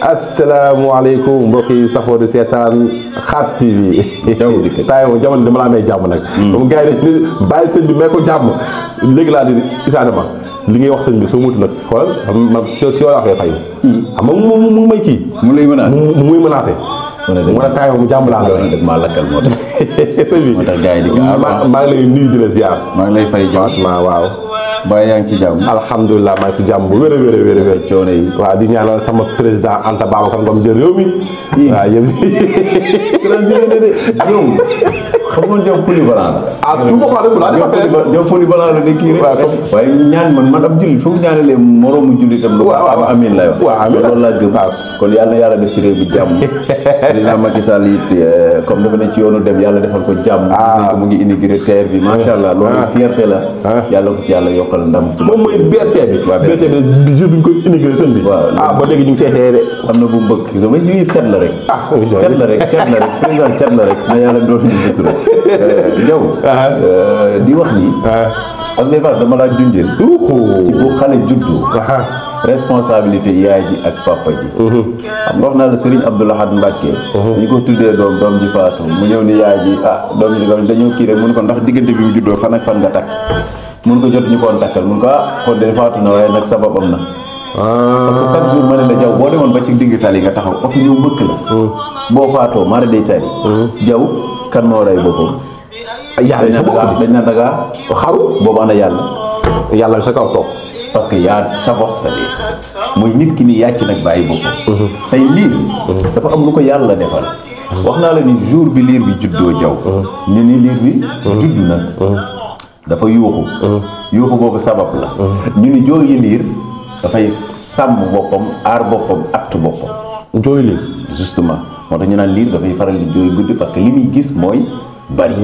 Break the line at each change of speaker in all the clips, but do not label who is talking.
asalaamaaleykum mbokk yi safoo di seetaan xaas TV. jaww moom jamono dama laa may jàmm nag. Hmm. moom gars yi dañu ne bi may ko jàmm léegi laa di isaani ma li ngay wax sëñ bi soo moytu nag xoolal man si si yow laa fay. Hmm. xam nga mu mu mu lay menacé mu muy menacé. mu a taay bu jàmm laa la dëgg maa lakkal moo tax moo tax gars yi maa ngi lay nuyu di la ziar maa ngi lay fay jox waaw ba yaa ngi ci jàmm alhamdulilah maa ngi si jàmm bu wér a wér a wér a wér coono yi waaw di ñaanal sama président Anta Babacar Ngom jël réew xam nga Diop polyvalent la. ah tout le de kii rek. waaye ñaan man man ab jullit fu mu ñaanalee moroomu jullitam. waaw waaw waaw amiin la yow. waaw amiin laa gëm. Ah. kon yàlla na yàlla def ci réew bi jàmm. président Macky eh, comme dafa ne ci yoonu dem yàlla defal ko jàmm. ah mu ngi inauguré bi macha allah. loolu ah. fierté la. Ah. yàlla ko ci yàlla yokkal ndam. moom mooy BRT bi. waaw koy inauguré bi. waaw ba léegi ñu ngi de. am na bu mbëkk gis nga yii cat la rek. ah rek cat rek na yàlla doon ñu sutura Ndiaw. Ah. Euh, di wax ni. Amnévas ah. dama laa junjee. ci bu xale juddu. Ah. responsabilité yaay ji ak papa ji. xam nga wax naa la Serigne Abdoul Ahad Mbacké. ñu ko tuddee doom doom ji faatu mu ñëw ni yaay ji ah doom ji dañoo kii rek mun ko ndax diggante bi mu juddoo fan ak fan nga takk. mun ko jot ñu koon takkal mun ko ah kon de faatu na waaye nag sababam na. parce que chaque ma ne la jaw boo demoon ba ci digg tali nga taxaw oto ñëw mbëkk la. boo faatoo mara day tali. jaw kan moo rey boppam. yàlla sa bopp dañ na daga xaru boobu ana yàlla. yàlla sa kaw toog. parce que yaa sa bopp sa biir mooy nit ki ni yàcc nag bàyyi boppam. Mhm. tey liir. Mhm. dafa am lu ko yàlla defal. wax naa la ni jour bi liir bi juddoo jaw ñu mhm. bi. juddu na. dafa sabab la. ñu ni jooyi dafay sàmm boppam aar boppam att boppam. jooyi liir justement. moo tax ñu naan liir dafay faral di jooy guddi parce que li muy gis mooy bari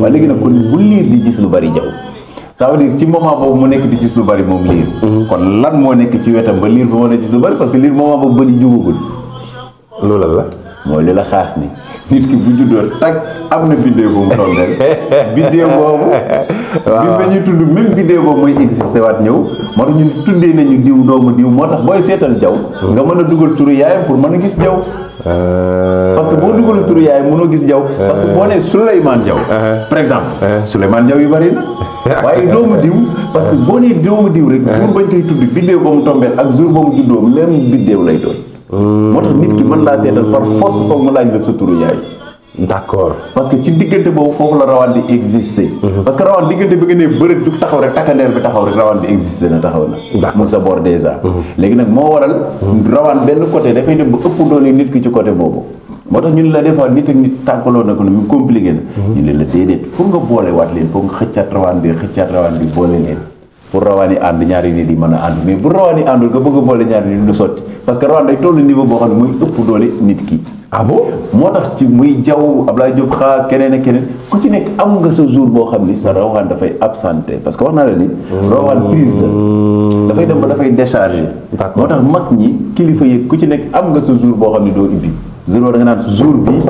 waaye léegi nag kon bu liir di gis lu bari jaw ça veut ci moment boobu mu nekk di gis lu bari moom liir mhm. kon lan moo nekk ci wetam ba liir ba mën a gis lu bari parce que liir moment boobu bëri jugagul loolu la mooy li la xaas ni nit ki bu juddoo tak am na vidéo bu mu toll rek vidéo boobu. waaw bis ba ñuy tudd même vidéo boobu mooy existé waat ñëw. moo tax ñun tuddee nañu diw doomu diw moo tax booy seetal jaw nga mën a dugal turu pour mën a gis jaw euh. parce que boo dugal turu yaayam mënoo gis jaw euh. parce que boo nee Souleymane Jaw euh. par exemple Souleymane Jaw yu bari na. waaye doomu diw parce que boo nee doomu diw rek. jour bañ koy tudd vidéo ba mu tombeel ak jour ba mu juddoo même vidéo moo tax nit ki mën laa seetal par force foog ma laaj la sa turu yaay. d'accord parce que ci diggante boobu foofu la rawaan di exister. Mhm. parce que rawaan diggante bi nga nee bërët du taxaw rek takkandeer bi taxaw rek rawaan bi exister na taxaw na. mun sa boor déjà. Mhm. léegi nag moo waral. Mhm. rawaan benn côté dafay dem ba ëpp doole nit ki ci côté boobu. moo tax ñu ne la des fois nit ak nit tàggaloo na ko ne mu compliqué na. ñu ne la déedéet foog nga boolewaat leen bi xëccaat boole leen. pour rawaani ànd ñaari nit yi mën a ànd mais bu rawaani àndul nga bëgg a boole ñaari nit du sotti parce que rawaan day tollu niveau boo xam ne muy ëpp doole nit ki. ah moo tax ci muy jaww Ablaye Diop xaas keneen ak keneen ku ci nekk am nga sa jour boo xam ne sa rawaan dafay absenté parce que wax naa la ni. rawaan prise la. Hmm. dafay dem ba dafay déchargé. moo tax mag ñi kilifa yeeg ku ci nekk am nga sa jour boo xam ne doo ibbi jour boobu da naan jour hmm.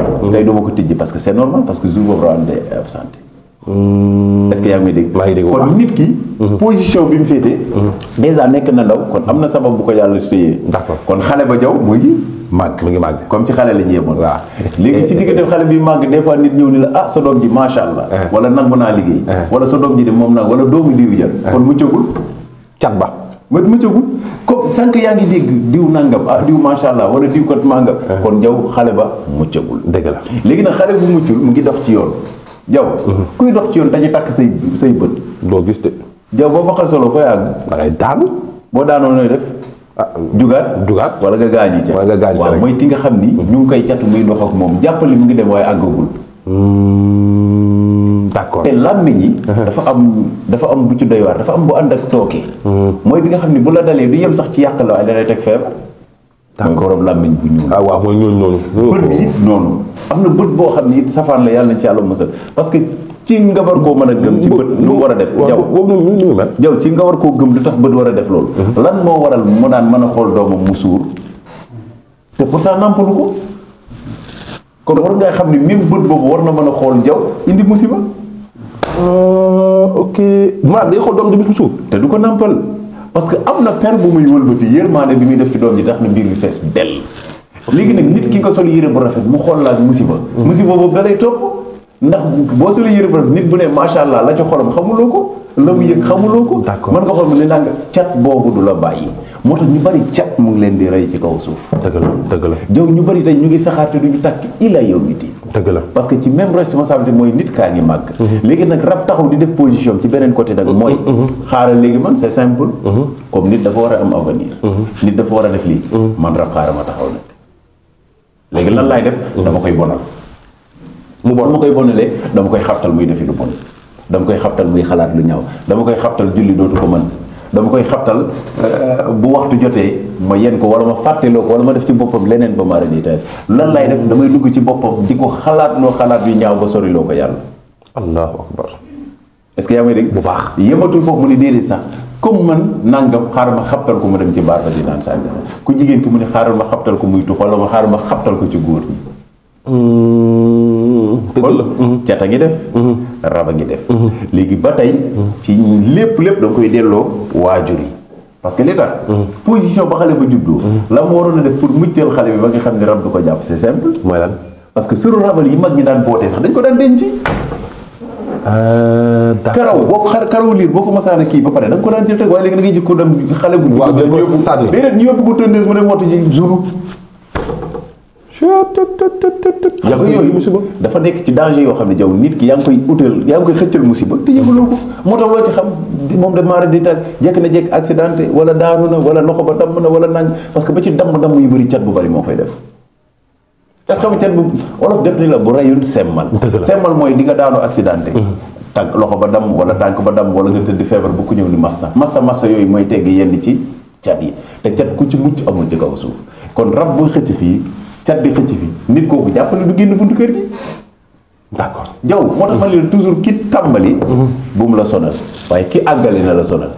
que Hmm. est-ce que yaa ngi dégg. maa ngi dégg kon nit ki. Hmm. position bi mu féete. Hmm. déjà nekk na ndaw kon am na sabab bu ko yàlla suyee. ndax kon xale ba jaw mu ngi màgg. mu ngi màgg comme ci xale la ñu yemoon. waaw léegi ci diggante eh, eh, xale bi màgg des fois nit ñëw ni la ah sa doom ji macha allah. Eh. wala nangu naa wala sa doom ji de moom nag wala doomu diw jël. kon muccagul cat ba. ma muccagul ko sànq yaa ngi dégg diw nangam ah diw macha allah wala diw kat màngam. kon jaw xale ba muccagul. dëgg la léegi nag xale bu muccul mu ngi dox ci yoon jaw mhm. kuy dox ci yoon dañuy takk say say bët. doo gis de. jaw boo fa xasaloo fa yàgg. àgg ngay daanu. moo daanoo nooy def. ah jugaat jugaat wala nga gaañu ca. wala nga gaañu ca waaw mooy ti nga xam ni. Mhm. ñu ngi koy catu muy dox ak moom jàppale mu ngi dem waaye àggagul. Hmm, d'accord te làmmiñ dafa am dafa am bu ci doy waar dafa am bu ànd ak tooke. Hmm. mooy bi nga xam ni bu la dalee du yem sax ci yàq la waaye da lay teg feebar. mooy borom làmmiñ bu ñuul. ah waaw mooy ñooñu noonu. bët na bët boo xam ne it safaan la yàlla na ci yàlla musal parce que ci nga war koo mën a gëm. ci bët lu war a def. jaw boobu noonu ñu ngi mel. jaw ci nga war koo gëm lu tax bët war a def loolu. Mhm. lan moo waral mu daan man a xool doomam mu suur te pourtant nampalu ko kon war ngaa xam ne même bët boobu war na mën a xool jaw indi musiba. Euh, ok maa day xool doom ji bu suur te du ko nampal. parce que am na per bu muy wëlbati yërmaande bi muy def ci doom ji tax na mbir bi fees dell léegi nag nit ki nga sol yére bu rafet mu xool laak musiba mm. musiba boobu da topp ndax boo solee yére bu rafet nit bu ne macha allah la ci xolam xamuloo ko la mu yëg xamuloo ko mën nga xool mu ne nanga cat boobu du la bàyyi moo tax ñu bari cat mu ngi leen di rey ci kaw suuf dëgg la dëgg la jow ñu bari tey ñu ngi saxaar te duñu tàkk ila yawmi diin dëgg la parce que ci même responsabilité mooy nit kaa ngi màgg. Mhm. léegi nag rab taxaw di def position ci beneen côté nag mooy. Mhm. Mhm. xaaral léegi man c'est simple. comme nit dafa war a am avenir. nit dafa war a def lii. man rab xaaral ma taxaw nag. léegi lan laay def. dama koy bonal. mu bon ma koy bonalee dama koy xabtal muy defi lu bon. dama koy xabtal muy xalaat lu ñaw dama koy xabtal julli dootu ko mën. dama koy xabtal euh, bu waxtu jotee ma yéen ko wala ma fàtteloo ko wala ma def ci boppam leneen ba maara ditaay lan lay def damay dugg ci boppam di ko xalaat loo xalaat yu ñaaw ba soriloo ko yàlla allahu akbar est que yaa may dégg bu baax yematul foog mu ni déedéet sax comme man nangam xaaral ma xabtal ko ma dem ci baar ba di naan sàngara ku jigéen ki mu ne xaaral ma xabtal ko muy tux wala ma xaaral ma xabtal ko ci góor ñi Mmh. dëgg la mmh. cata ngi def mmh. raba ngi def léegi ba tey ci lépp lépp da koy delloo waajur yi parce que li tax position ba xale ba juddoo la mu waroon a def pour muccal xale bi ba nga xam ne rab du ko jàpp c'est simple mooy lan parce que sëru rabal yi mag ñi daan bootee sax dañ ko daan denc euh, karaw boo ko xar karaw liir boo ko masaana kii ba pare da nga ko daan jël teg waaye léegi da ngay jikko dem xale bu ñu yóbbu déedéet ñu yóbbu ko tondees mu ne wootu yaa ngi yooyu musiba dafa nekk ci danger yoo xam ne jaw nit ki yaa ngi koy utal yaa ngi koy xëccal musiba te yëguloo ko moo tax loo ci xam moom de maara di tal jekk na jekk wala daanu na wala loxo ba damm na wala nang parce que ba ci damm damm yu bëri cat bu bëri moo koy def cat xam cat bu olof def ni la bu reyul semmal semmal mooy di nga daanu accidenté mm-hmm. tànk loxo ba damm wala tànk ba damm wala nga tëdd feebar bu ku ñëw ni massa massa massa yooyu mooy tegg yenn ci cat yi te cat ku ci mucc amul jëkk kaw suuf kon rab bu xëcc fii cat di xëcc fi nit kooku jàppale du génn buntu kër gi d'accord jaw moo tax ma leen toujours ki tàmbali mhm. bu mu la sonal waaye ki àggale na la sonal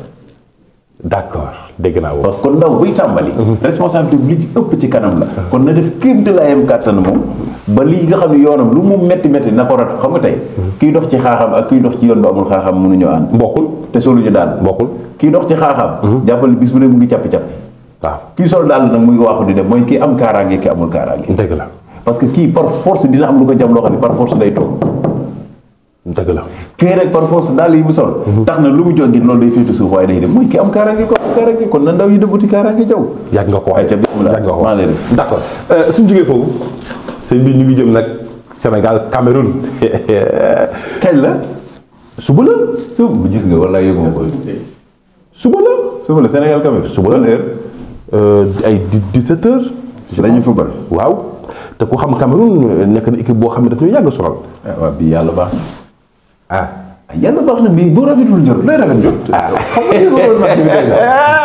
d'accord dégg naa parce kon ndaw buy tàmbali mhm. responsabilité bi li ci ëpp ci kanam la mhm. kon na def kémte laayam kàttan moom ba lii nga xam ne yoonam lu mu metti metti na ko rat xam nga tey kiy dox ci xaaxam ak kiy dox ci yoon ba amul xaaxam mënuñoo ànd bokkul te soluñu daan bokkul kiy dox ci xaaxam jàppale bis bu mu ngi càppi-càppi waaw kii sol daal nag muy waaxu di dem mooy kii am kaaraange kii amul kaaraange. dëgg la parce que kii par force dina am lu ko jam loo xam par force day toog. dëgg la kii par force daal yi mu sol. Mhm. tax na lu mu jógee loolu day féetu suuf waaye day dem mooy ko am ko wax ayca bisimilah yàgg euh, jógee foofu sëñ bi ñu ngi jëm nag Sénégal Cameroun. kañ la. suba la. suba gis nga suba la. suba la Sénégal Cameroun suba la leer. Euh, ay di 17 heures. waaw. te ku xam Cameroun euh, nekk na équipe boo xam ne daf ñuy yàgg a sonal. Ah, waaw bii yàlla baax Ah, yàlla baax na bii bu rafetul jot lay rafet jot. ah xam nga li ma woon marché bi tey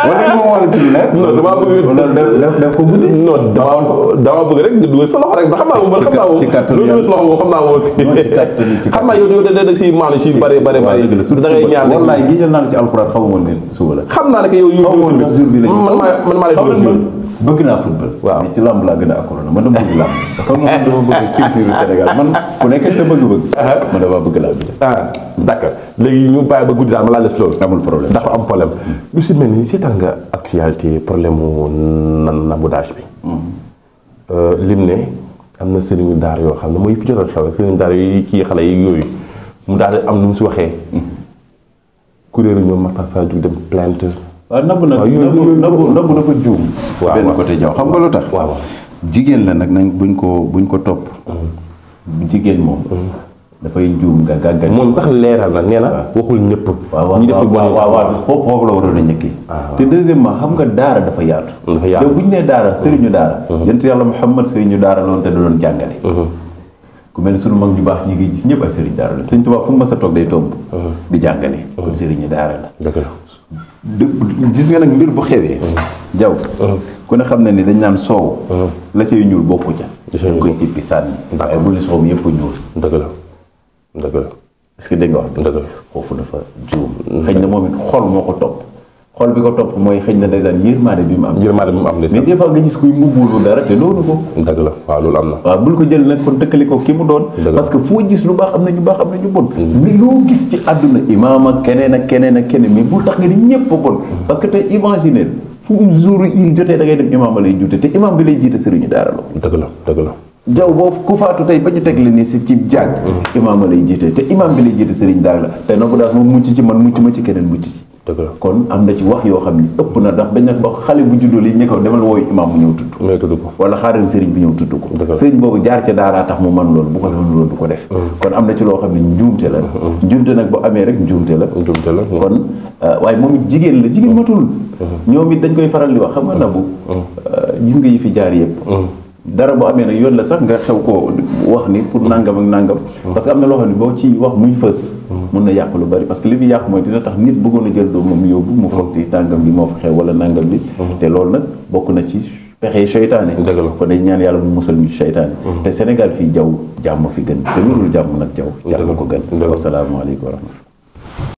wala ma wala tuuti nag. non damaa bëgg wala def def ko guddi. non damaa damaa bëgg rek nga dugal sa loxo rek ba xam naa moom xam naa moom. ci kàttanu yàlla xam naa moom aussi. ci kàttanu ci xam naa yow yow da da si maanaam si bare bare bare. da ngay ñaan rek wallaay gi jël naa la ci alxuraan xaw ma woon leen suba la. xam naa ne que yow yow. xaw ma woon sax jour bi la man maa man maa lay bëgg naa football. waaw mais ci làmb laa gën a accolé man dama bëgg man ku nekk sa bëgg-bëgg. Uh-huh. man bëgg làmb bi. ah d' ñu bàyyi ba guddi daal ma laa les loolu. amul problème ndax am hmm. si mel ni seetaan nga actualité problème mu nan nabudage bi. Hmm. Euh, lim ne am na sëriñu daar yoo xam ne mooy fi jotoon xew rek sëriñu daar yi kii xale yi yooyu mu daal di am lu mu si waxee. Hmm. kuréelu ñoom Matar Sarr ah, ah, dafa juum. waaw benn côté jaw xam nga lu tax jigéen la nag nañ buñ ko buñ ko topp mm-hmm. jigéen moom mm-hmm. dafay juum nga gàggal moom sax leeral na nee na waxul ñëpp ñi dafa bon waaw foofu la waroon a ñëkki ah, te deuxièmement xam nga daara dafa yaatu mm, yow bu ñu nee daara sëriñu daara mm-hmm. yonent yàlla Muhammad sëriñu daara loolu te da doon jàngale ku mel ne sunu mag ñu baax ñi ngi gis ñëpp ay sëriñ daara la sëriñ Tuubaa fu mu mës toog day tomb di jàngale kon sëriñu daara la gis nga nag mbir bu xewee. Mm. jaw mm. ku ne xam na ni dañ naan soow. Mm. la cay ñuul bokku ca. dañ koy sippi sànni. waaye bu ñu soow mi yëpp ñuul. dëgg la dëgg que dégg nga wax. dëgg foofu dafa juum. xëy na moom it xol moo ko topp. xol bi ko topp mooy xëy na ndeysaan yërmaande bi mu am. yërmaande bi mu am ndeysaan mais des fois nga gis kuy mbubbulu dara te doonu jotee da ngay dem imaam lay juute te imaam bi lay jiite sëriñu daara la. dëgg la dëgg la. tey ba ñu teg la ni si mhm. te imaam bi lay jiite sëriñ daara la moom mucc ci man mucc ma ci keneen mucc ci dëgg kon am na ci wax yoo xam ni ëpp na ndax bañ nag ba xale bu juddoo li ñu ko demal wooyu imaam mu ñëw tudd ko tudd ko wala xaaral sëriñ bi ñëw tudd ko sëriñ boobu jaar ca daaraa tax mu man loolu bu ko defoon loolu du ko def mm. kon am na ci loo xam ne njuumte la mm-hmm. Mm-hmm. njuumte nag bu amee rek njuumte la njuumte mm. kon euh, waaye moom jigéen la jigéen mm. matul mm-hmm. ñoom it dañ koy faral di wax xam nga nabu euh, gis nga yi fi jaar yëpp dara bu amee nag yoon la sax nga xew ko wax ni pour nangam ak nangam parce que am na loo xam boo ci wax muy fës mën na yàq lu bari parce que li fi yàq mooy dina tax nit bëggoon a jël doomam yóbbu mu foog di tàngam bi moo fa xew wala nàngam bi mhm. te loolu nag bokk na ci pexe seytaane ko day ñaan yàlla mu musal ñu seytaane mhm. te Sénégal fii jaw jàmm fi gën te lu dul jàmm nag jaww jàmm ko gën wasalaamaaleykum wa rahmatulah